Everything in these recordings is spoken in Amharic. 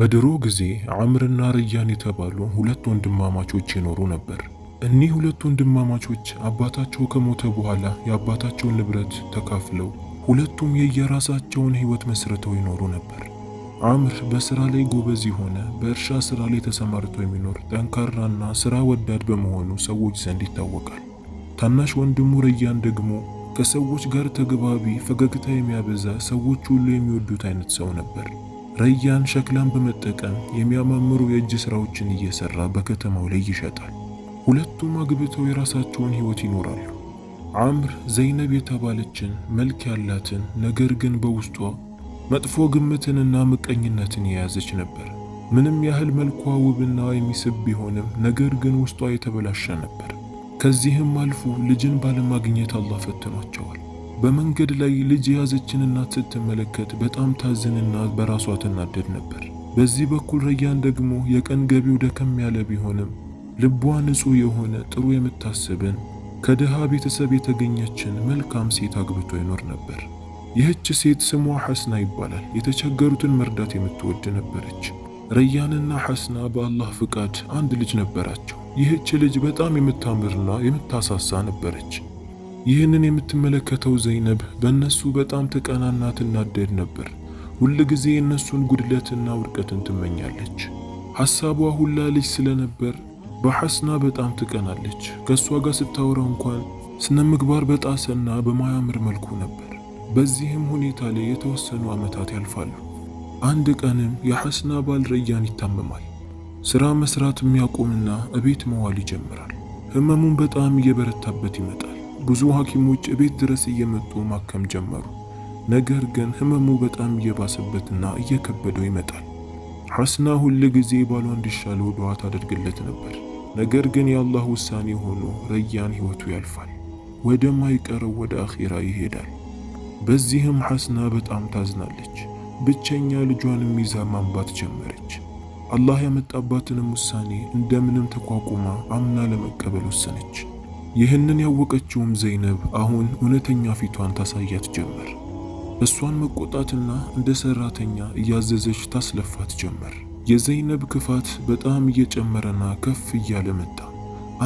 በድሮ ጊዜ አምርና ርያን የተባሉ ሁለት ወንድማማቾች ይኖሩ ነበር። እኒህ ሁለት ወንድማማቾች አባታቸው ከሞተ በኋላ የአባታቸውን ንብረት ተካፍለው ሁለቱም የየራሳቸውን ሕይወት መስርተው ይኖሩ ነበር። አምር በስራ ላይ ጎበዝ የሆነ በእርሻ ስራ ላይ ተሰማርቶ የሚኖር ጠንካራና ስራ ወዳድ በመሆኑ ሰዎች ዘንድ ይታወቃል። ታናሽ ወንድሙ ረያን ደግሞ ከሰዎች ጋር ተግባቢ፣ ፈገግታ የሚያበዛ፣ ሰዎች ሁሉ የሚወዱት አይነት ሰው ነበር። ረያን ሸክላን በመጠቀም የሚያማምሩ የእጅ ሥራዎችን እየሠራ በከተማው ላይ ይሸጣል። ሁለቱም አግብተው የራሳቸውን ሕይወት ይኖራሉ። አምር ዘይነብ የተባለችን መልክ ያላትን ነገር ግን በውስጧ መጥፎ ግምትንና ምቀኝነትን የያዘች ነበር። ምንም ያህል መልኳ ውብና የሚስብ ቢሆንም ነገር ግን ውስጧ የተበላሸ ነበር። ከዚህም አልፎ ልጅን ባለማግኘት አላህ ፈትኗቸዋል። በመንገድ ላይ ልጅ የያዘችን እናት ስትመለከት በጣም ታዝንና በራሷ ትናደድ ነበር። በዚህ በኩል ረያን ደግሞ የቀን ገቢው ደከም ያለ ቢሆንም ልቧ ንጹሕ የሆነ ጥሩ የምታስብን ከድሃ ቤተሰብ የተገኘችን መልካም ሴት አግብቶ ይኖር ነበር። ይህች ሴት ስሟ ሐስና ይባላል። የተቸገሩትን መርዳት የምትወድ ነበረች። ረያንና ሐስና በአላህ ፍቃድ አንድ ልጅ ነበራቸው። ይህች ልጅ በጣም የምታምርና የምታሳሳ ነበረች። ይህንን የምትመለከተው ዘይነብ በእነሱ በጣም ተቀናና ትናደድ ነበር። ሁል ጊዜ የእነሱን ጉድለትና ውድቀትን ትመኛለች። ሐሳቧ ሁላ ልጅ ስለነበር በሐስና በጣም ትቀናለች። ከእሷ ጋር ስታወራ እንኳን ስነ ምግባር በጣሰና በማያምር መልኩ ነበር። በዚህም ሁኔታ ላይ የተወሰኑ ዓመታት ያልፋሉ። አንድ ቀንም የሐስና ባል ረያን ይታመማል። ሥራ መሥራት የሚያቆምና እቤት መዋል ይጀምራል። ህመሙን በጣም እየበረታበት ይመጣል። ብዙ ሐኪሞች እቤት ድረስ እየመጡ ማከም ጀመሩ። ነገር ግን ህመሙ በጣም እየባሰበትና እየከበደው ይመጣል። ሐስና ሁል ጊዜ ባሏ እንዲሻለው ዱዓ ታደርግለት ነበር። ነገር ግን የአላህ ውሳኔ ሆኖ ረያን ሕይወቱ ያልፋል፣ ወደማይቀረው ወደ አኼራ ይሄዳል። በዚህም ሐስና በጣም ታዝናለች። ብቸኛ ልጇንም ይዛ ማንባት ጀመረች። አላህ ያመጣባትንም ውሳኔ እንደምንም ተቋቁማ አምና ለመቀበል ወሰነች። ይህንን ያወቀችውም ዘይነብ አሁን እውነተኛ ፊቷን ታሳያት ጀመር። እሷን መቆጣትና እንደ ሰራተኛ እያዘዘች ታስለፋት ጀመር። የዘይነብ ክፋት በጣም እየጨመረና ከፍ እያለ መጣ።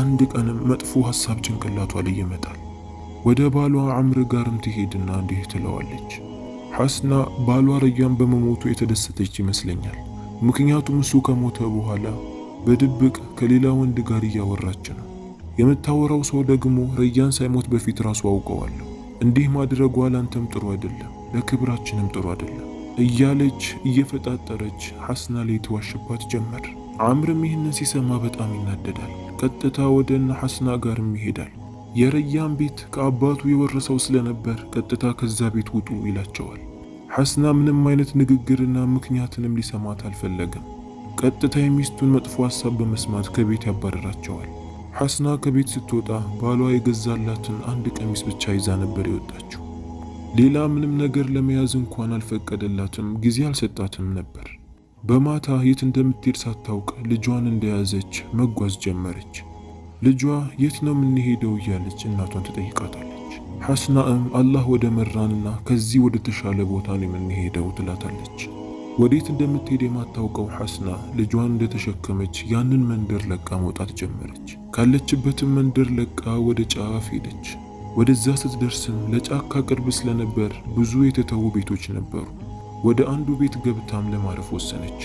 አንድ ቀንም መጥፎ ሐሳብ ጭንቅላቷ ላይ ይመጣል። ወደ ባሏ አምር ጋርም ትሄድና እንዲህ ትለዋለች። ሐስና ባሏ ረያም በመሞቱ የተደሰተች ይመስለኛል። ምክንያቱም እሱ ከሞተ በኋላ በድብቅ ከሌላ ወንድ ጋር እያወራች ነው። የምታወራው ሰው ደግሞ ረያን ሳይሞት በፊት ራሱ አውቀዋለሁ። እንዲህ ማድረጓ ላንተም ጥሩ አይደለም፣ ለክብራችንም ጥሩ አይደለም እያለች እየፈጣጠረች ሐስና ላይ ትዋሽባት ጀመር። አምርም ይህንን ሲሰማ በጣም ይናደዳል። ቀጥታ ወደ እነ ሐስና ጋርም ይሄዳል። የረያን ቤት ከአባቱ የወረሰው ስለነበር ቀጥታ ከዛ ቤት ውጡ ይላቸዋል። ሐስና ምንም አይነት ንግግርና ምክንያትንም ሊሰማት አልፈለገም። ቀጥታ የሚስቱን መጥፎ ሐሳብ በመስማት ከቤት ያባረራቸዋል። ሐስና ከቤት ስትወጣ ባሏ የገዛላትን አንድ ቀሚስ ብቻ ይዛ ነበር የወጣችው። ሌላ ምንም ነገር ለመያዝ እንኳን አልፈቀደላትም፣ ጊዜ አልሰጣትም ነበር። በማታ የት እንደምትሄድ ሳታውቅ ልጇን እንደያዘች መጓዝ ጀመረች። ልጇ የት ነው የምንሄደው እያለች እናቷን ትጠይቃታለች። ሐስናእም አላህ ወደ መራንና ከዚህ ወደ ተሻለ ቦታ ነው የምንሄደው ትላታለች። ወዴት እንደምትሄድ የማታውቀው ሐስና ልጇን እንደተሸከመች ያንን መንደር ለቃ መውጣት ጀመረች። ካለችበትም መንደር ለቃ ወደ ጫፍ ሄደች። ወደዛ ስትደርስም ለጫካ ቅርብ ስለነበር ብዙ የተተዉ ቤቶች ነበሩ። ወደ አንዱ ቤት ገብታም ለማረፍ ወሰነች።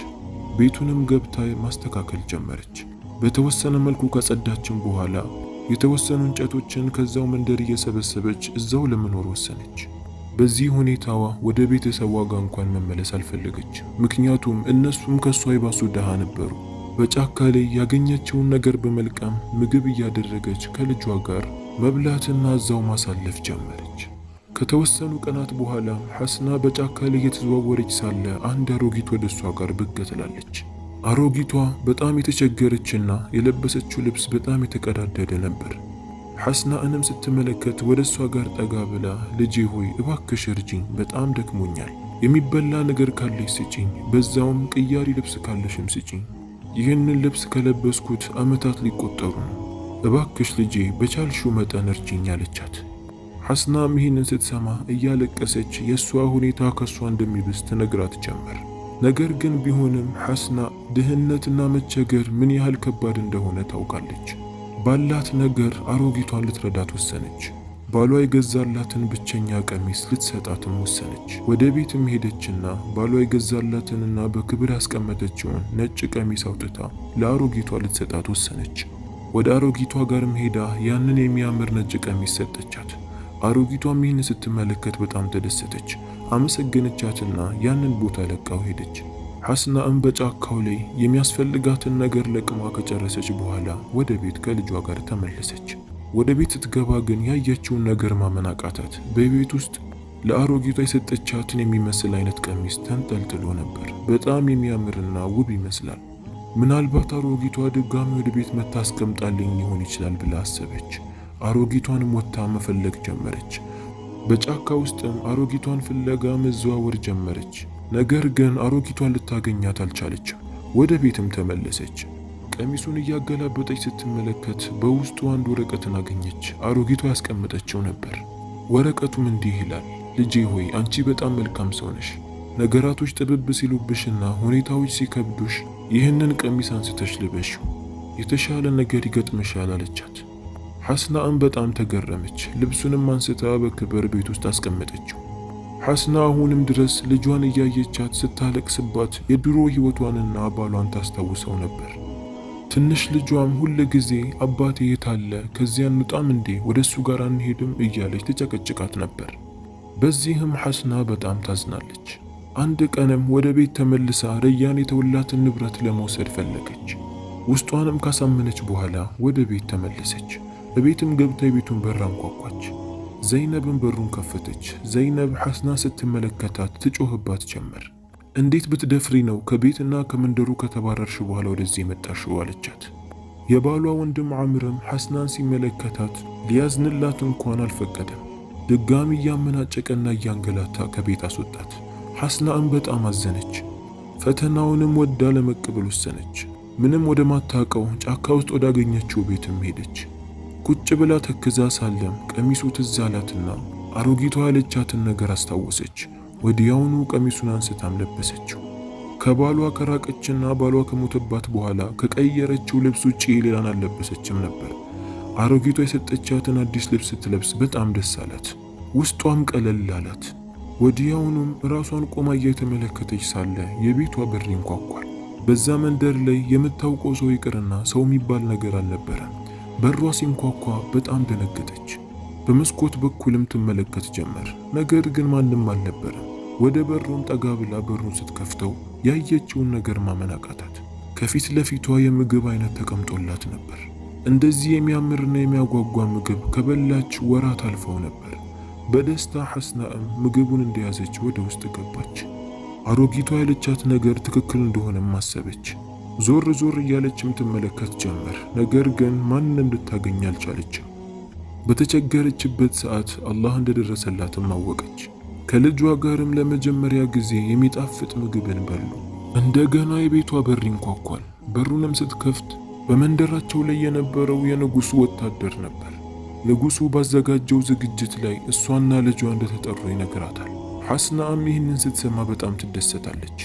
ቤቱንም ገብታ ማስተካከል ጀመረች። በተወሰነ መልኩ ከጸዳችም በኋላ የተወሰኑ እንጨቶችን ከዛው መንደር እየሰበሰበች እዛው ለመኖር ወሰነች። በዚህ ሁኔታዋ ወደ ቤተሰቧ ጋር እንኳን መመለስ አልፈለገችም። ምክንያቱም እነሱም ከእሷ ይባሱ ድሃ ነበሩ። በጫካ ላይ ያገኘችውን ነገር በመልቀም ምግብ እያደረገች ከልጇ ጋር መብላትና እዛው ማሳለፍ ጀመረች። ከተወሰኑ ቀናት በኋላ ሐስና በጫካ ላይ እየተዘዋወረች ሳለ አንድ አሮጊት ወደ እሷ ጋር ብቅ ትላለች። አሮጊቷ በጣም የተቸገረችና የለበሰችው ልብስ በጣም የተቀዳደደ ነበር። ሐስናእንም ስትመለከት ወደ እሷ ጋር ጠጋ ብላ ልጄ ሆይ እባክሽ እርጅኝ በጣም ደክሞኛል። የሚበላ ነገር ካለሽ ስጪኝ፣ በዛውም ቅያሪ ልብስ ካለሽም ስጪኝ። ይህንን ልብስ ከለበስኩት ዓመታት ሊቆጠሩ ነው። እባክሽ ልጄ በቻልሽው መጠን እርጅኝ አለቻት። ሐስናም ይህንን ስትሰማ እያለቀሰች የእሷ ሁኔታ ከእሷ እንደሚብስ ትነግራት ጀመር። ነገር ግን ቢሆንም ሐስና ድህነትና መቸገር ምን ያህል ከባድ እንደሆነ ታውቃለች። ባላት ነገር አሮጊቷን ልትረዳት ወሰነች። ባሏ የገዛላትን ብቸኛ ቀሚስ ልትሰጣትም ወሰነች። ወደ ቤትም ሄደችና ባሏ የገዛላትንና በክብር ያስቀመጠችውን ነጭ ቀሚስ አውጥታ ለአሮጊቷ ልትሰጣት ወሰነች። ወደ አሮጊቷ ጋርም ሄዳ ያንን የሚያምር ነጭ ቀሚስ ሰጠቻት። አሮጊቷም ይህን ስትመለከት በጣም ተደሰተች። አመሰገነቻትና ያንን ቦታ ለቃው ሄደች። ሐስናእም በጫካው ላይ የሚያስፈልጋትን ነገር ለቅማ ከጨረሰች በኋላ ወደ ቤት ከልጇ ጋር ተመለሰች። ወደ ቤት ስትገባ ግን ያየችውን ነገር ማመን አቃታት። በቤት ውስጥ ለአሮጊቷ የሰጠቻትን የሚመስል አይነት ቀሚስ ተንጠልጥሎ ነበር። በጣም የሚያምርና ውብ ይመስላል። ምናልባት አሮጊቷ ድጋሚ ወደ ቤት አስቀምጣልኝ ሊሆን ይችላል ብላ አሰበች። አሮጊቷንም ወጥታ መፈለግ ጀመረች። በጫካ ውስጥም አሮጊቷን ፍለጋ መዘዋወር ጀመረች። ነገር ግን አሮጊቷን ልታገኛት አልቻለችም። ወደ ቤትም ተመለሰች። ቀሚሱን እያገላበጠች ስትመለከት በውስጡ አንድ ወረቀትን አገኘች። አሮጊቷ ያስቀመጠችው ነበር። ወረቀቱም እንዲህ ይላል፣ ልጄ ሆይ አንቺ በጣም መልካም ሰው ነሽ። ነገራቶች ጥብብ ሲሉብሽና ሁኔታዎች ሲከብዱሽ ይህንን ቀሚስ አንስተሽ ልበሽው የተሻለ ነገር ይገጥምሻል አለቻት። ሐስናአም በጣም ተገረመች። ልብሱንም አንስታ በክብር ቤት ውስጥ አስቀመጠችው። ሐስና አሁንም ድረስ ልጇን እያየቻት ስታለቅስባት የድሮ ሕይወቷንና ባሏን ታስታውሰው ነበር። ትንሽ ልጇም ሁል ጊዜ አባቴ አለ ከዚያ እንውጣም እንዴ? ወደ እሱ ጋር አንሄድም? እያለች ተጨቀጭቃት ነበር። በዚህም ሐስና በጣም ታዝናለች። አንድ ቀንም ወደ ቤት ተመልሳ ረያን የተወላትን ንብረት ለመውሰድ ፈለገች። ውስጧንም ካሳመነች በኋላ ወደ ቤት ተመለሰች። በቤትም ገብታ የቤቱን በር አንኳኳች። ዘይነብን በሩን ከፈተች። ዘይነብ ሐስና ስትመለከታት ትጮህባት ጀመር። እንዴት ብትደፍሪ ነው ከቤትና ከመንደሩ ከተባረርሽ በኋላ ወደዚህ የመጣሽው? አለቻት። የባሏ ወንድም አምርም ሐስናን ሲመለከታት ሊያዝንላት እንኳን አልፈቀደም። ድጋሚ እያመናጨቀና እያንገላታ ከቤት አስወጣት። ሐስናም በጣም አዘነች። ፈተናውንም ወዳ ለመቀበል ወሰነች። ምንም ወደ ጫካ ውስጥ ወዳገኘችው ቤትም ሄደች። ቁጭ ብላ ተክዛ ሳለም ቀሚሱ ትዝ አላትና አሮጊቷ ያለቻትን ነገር አስታወሰች። ወዲያውኑ ቀሚሱን አንስታም ለበሰችው። ከባሏ ከራቀችና ባሏ ከሞተባት በኋላ ከቀየረችው ልብስ ውጪ ሌላን አልለበሰችም ነበር። አሮጊቷ የሰጠቻትን አዲስ ልብስ ስትለብስ በጣም ደስ አላት፣ ውስጧም ቀለል አላት። ወዲያውኑም ራሷን ቆማ እየተመለከተች ሳለ የቤቷ በር ይንኳኳል። በዛ መንደር ላይ የምታውቀው ሰው ይቅርና ሰው የሚባል ነገር አልነበረም። በሯ ሲንኳኳ በጣም ደነገጠች። በመስኮት በኩልም ትመለከት ጀመር። ነገር ግን ማንም አልነበረም። ወደ በሩም ጠጋ ብላ በሩን ስትከፍተው ያየችውን ነገር ማመን አቃታት። ከፊት ለፊቷ የምግብ አይነት ተቀምጦላት ነበር። እንደዚህ የሚያምርና የሚያጓጓ ምግብ ከበላች ወራት አልፈው ነበር። በደስታ ሐስናእም ምግቡን እንደያዘች ወደ ውስጥ ገባች። አሮጊቷ ያለቻት ነገር ትክክል እንደሆነም አሰበች። ዞር ዞር እያለችም ትመለከት ጀመር። ነገር ግን ማንም ልታገኝ አልቻለችም። በተቸገረችበት ሰዓት አላህ እንደደረሰላትም አወቀች። ከልጇ ጋርም ለመጀመሪያ ጊዜ የሚጣፍጥ ምግብን በሉ። እንደገና የቤቷ በር ይንኳኳል። በሩንም ስትከፍት በመንደራቸው ላይ የነበረው የንጉሱ ወታደር ነበር። ንጉሱ ባዘጋጀው ዝግጅት ላይ እሷና ልጇ እንደተጠሩ ይነግራታል። ሐስናም ይህንን ስትሰማ በጣም ትደሰታለች።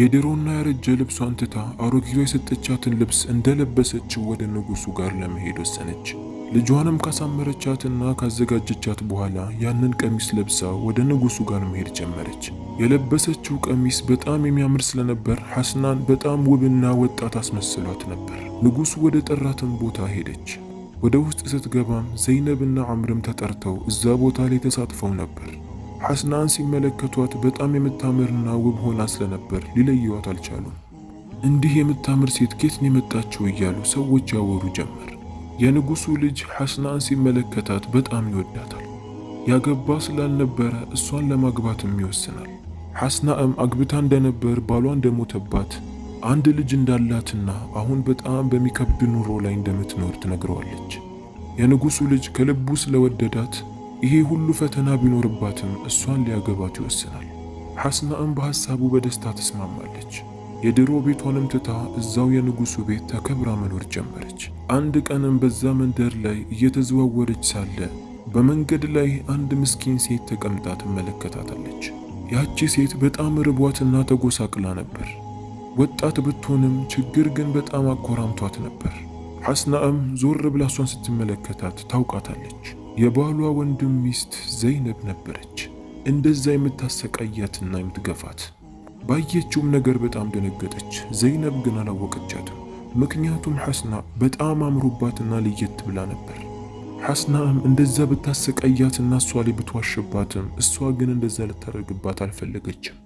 የድሮና ያረጀ ልብሷን ትታ አሮጊቷ የሰጠቻትን ልብስ እንደለበሰችው ወደ ንጉሱ ጋር ለመሄድ ወሰነች። ልጇንም ካሳመረቻትና ካዘጋጀቻት በኋላ ያንን ቀሚስ ለብሳ ወደ ንጉሱ ጋር መሄድ ጀመረች። የለበሰችው ቀሚስ በጣም የሚያምር ስለነበር ሐስናን በጣም ውብና ወጣት አስመስሏት ነበር። ንጉሱ ወደ ጠራትን ቦታ ሄደች። ወደ ውስጥ ስትገባም ዘይነብና አምርም ተጠርተው እዛ ቦታ ላይ ተሳትፈው ነበር። ሐስናን ሲመለከቷት በጣም የምታምርና ውብ ሆና ስለነበር ሊለየዋት አልቻሉም። እንዲህ የምታምር ሴት ኬት ነው የመጣችው እያሉ ሰዎች ያወሩ ጀመር። የንጉሱ ልጅ ሐስናን ሲመለከታት በጣም ይወዳታል። ያገባ ስላልነበረ እሷን ለማግባትም ይወስናል። ሐስናእም አግብታ እንደነበር ባሏ እንደሞተባት አንድ ልጅ እንዳላትና አሁን በጣም በሚከብድ ኑሮ ላይ እንደምትኖር ትነግረዋለች። የንጉሱ ልጅ ከልቡ ስለወደዳት ይሄ ሁሉ ፈተና ቢኖርባትም እሷን ሊያገባት ይወስናል። ሐስናእም በሐሳቡ በደስታ ተስማማለች። የድሮ ቤቷንም ትታ እዛው የንጉሡ ቤት ተከብራ መኖር ጀመረች። አንድ ቀንም በዛ መንደር ላይ እየተዘዋወረች ሳለ በመንገድ ላይ አንድ ምስኪን ሴት ተቀምጣ ትመለከታታለች። ያቺ ሴት በጣም ርቧትና ተጎሳቅላ ነበር። ወጣት ብትሆንም ችግር ግን በጣም አኮራምቷት ነበር። ሐስናእም ዞር ብላ እሷን ስትመለከታት ታውቃታለች። የባሏ ወንድም ሚስት ዘይነብ ነበረች። እንደዛ የምታሰቃያትና የምትገፋት ባየችውም ነገር በጣም ደነገጠች። ዘይነብ ግን አላወቀቻትም። ምክንያቱም ሐስና በጣም አምሮባትና ለየት ብላ ነበር። ሐስናም እንደዛ ብታሰቃያትና እሷ ላይ ብትዋሽባትም እሷ ግን እንደዛ ልታደርግባት አልፈለገችም።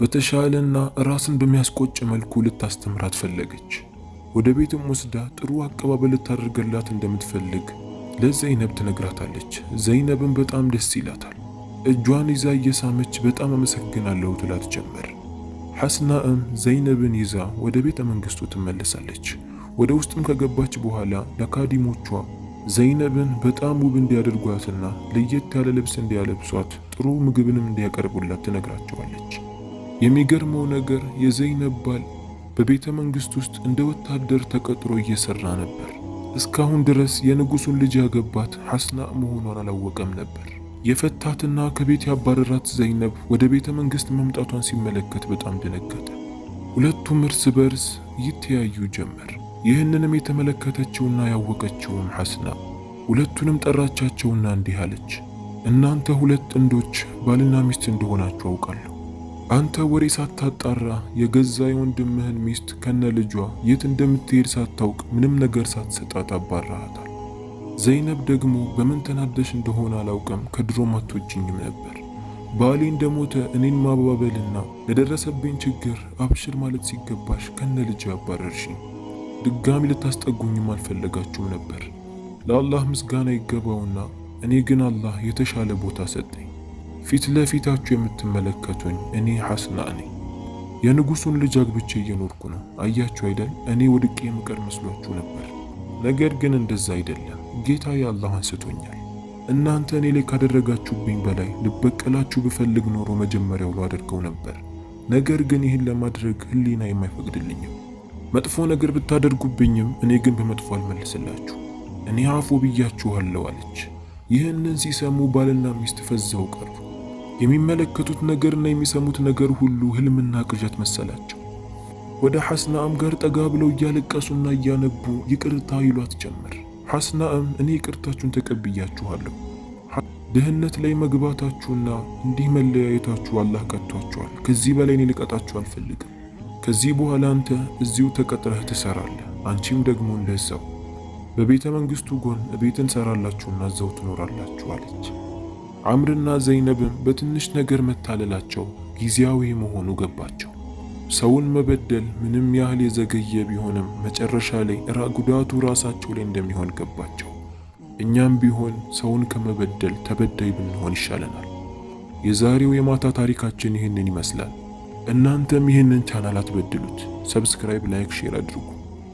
በተሻለና ራስን በሚያስቆጭ መልኩ ልታስተምራት ፈለገች። ወደ ቤትም ወስዳ ጥሩ አቀባበል ልታደርገላት እንደምትፈልግ ለዘይነብ ትነግራታለች። ዘይነብም በጣም ደስ ይላታል። እጇን ይዛ እየሳመች በጣም አመሰግናለሁ ትላት ጀመር። ሐስናእም ዘይነብን ይዛ ወደ ቤተ መንግሥቱ ትመለሳለች። ወደ ውስጥም ከገባች በኋላ ለካዲሞቿ ዘይነብን በጣም ውብ እንዲያደርጓትና ለየት ያለ ልብስ እንዲያለብሷት ጥሩ ምግብንም እንዲያቀርቡላት ትነግራቸዋለች። የሚገርመው ነገር የዘይነብ ባል በቤተ መንግሥት ውስጥ እንደ ወታደር ተቀጥሮ እየሰራ ነበር። እስካሁን ድረስ የንጉሱን ልጅ ያገባት ሐስና መሆኗን አላወቀም ነበር። የፈታትና ከቤት ያባረራት ዘይነብ ወደ ቤተ መንግስት መምጣቷን ሲመለከት በጣም ደነገጠ። ሁለቱም እርስ በርስ ይተያዩ ጀመር። ይህንንም የተመለከተችውና ያወቀችውም ሐስና ሁለቱንም ጠራቻቸውና እንዲህ አለች፣ እናንተ ሁለት ጥንዶች ባልና ሚስት እንደሆናችሁ አውቃለሁ አንተ ወሬ ሳታጣራ የገዛ የወንድምህን ሚስት ከነ ልጇ የት እንደምትሄድ ሳታውቅ ምንም ነገር ሳትሰጣት አባራሃታል። ዘይነብ ደግሞ በምን ተናደሽ እንደሆነ አላውቅም፣ ከድሮም ማቶችኝም ነበር ባሌ እንደሞተ እኔን ማባበልና ለደረሰብኝ ችግር አብሽር ማለት ሲገባሽ ከነ ልጅ አባረርሽኝ። ድጋሚ ልታስጠጉኝም አልፈለጋችሁም ነበር። ለአላህ ምስጋና ይገባውና እኔ ግን አላህ የተሻለ ቦታ ሰጠኝ። ፊት ለፊታችሁ የምትመለከቱኝ እኔ ሐስና ነኝ። የንጉሱን ልጅ አግብቼ እየኖርኩ ነው። አያችሁ አይደል? እኔ ወድቄ የምቀር መስሏችሁ ነበር። ነገር ግን እንደዛ አይደለም። ጌታ አላህ አንስቶኛል። እናንተ እኔ ላይ ካደረጋችሁብኝ በላይ ልበቀላችሁ ብፈልግ ኖሮ መጀመሪያ ውሎ አድርገው ነበር። ነገር ግን ይህን ለማድረግ ህሊና የማይፈቅድልኝም። መጥፎ ነገር ብታደርጉብኝም እኔ ግን በመጥፎ አልመልስላችሁ። እኔ አፉ ብያችኋለሁ አለች። ይህንን ሲሰሙ ባልና ሚስት ፈዘው ቀሩ። የሚመለከቱት ነገርና የሚሰሙት ነገር ሁሉ ህልምና ቅዠት መሰላቸው። ወደ ሐስናእም ጋር ጠጋ ብለው እያለቀሱና እያነቡ ይቅርታ ይሏት ጀመር። ሐስናእም እኔ ይቅርታችሁን ተቀብያችኋለሁ፣ ድህነት ላይ መግባታችሁና እንዲህ መለያየታችሁ አላህ ቀጥቷችኋል። ከዚህ በላይ እኔ ልቀጣችሁ አልፈልግም። ከዚህ በኋላ አንተ እዚሁ ተቀጥረህ ትሰራለህ፣ አንቺም ደግሞ እንደዛው በቤተ መንግሥቱ ጎን ቤት እንሰራላችሁና እዛው ትኖራላችሁ አለች። አምርና ዘይነብም በትንሽ ነገር መታለላቸው ጊዜያዊ መሆኑ ገባቸው። ሰውን መበደል ምንም ያህል የዘገየ ቢሆንም መጨረሻ ላይ ጉዳቱ ራሳቸው ላይ እንደሚሆን ገባቸው። እኛም ቢሆን ሰውን ከመበደል ተበዳይ ብንሆን ይሻለናል። የዛሬው የማታ ታሪካችን ይህንን ይመስላል። እናንተም ይህንን ቻናል አትበድሉት። ሰብስክራይብ፣ ላይክ፣ ሼር አድርጉ።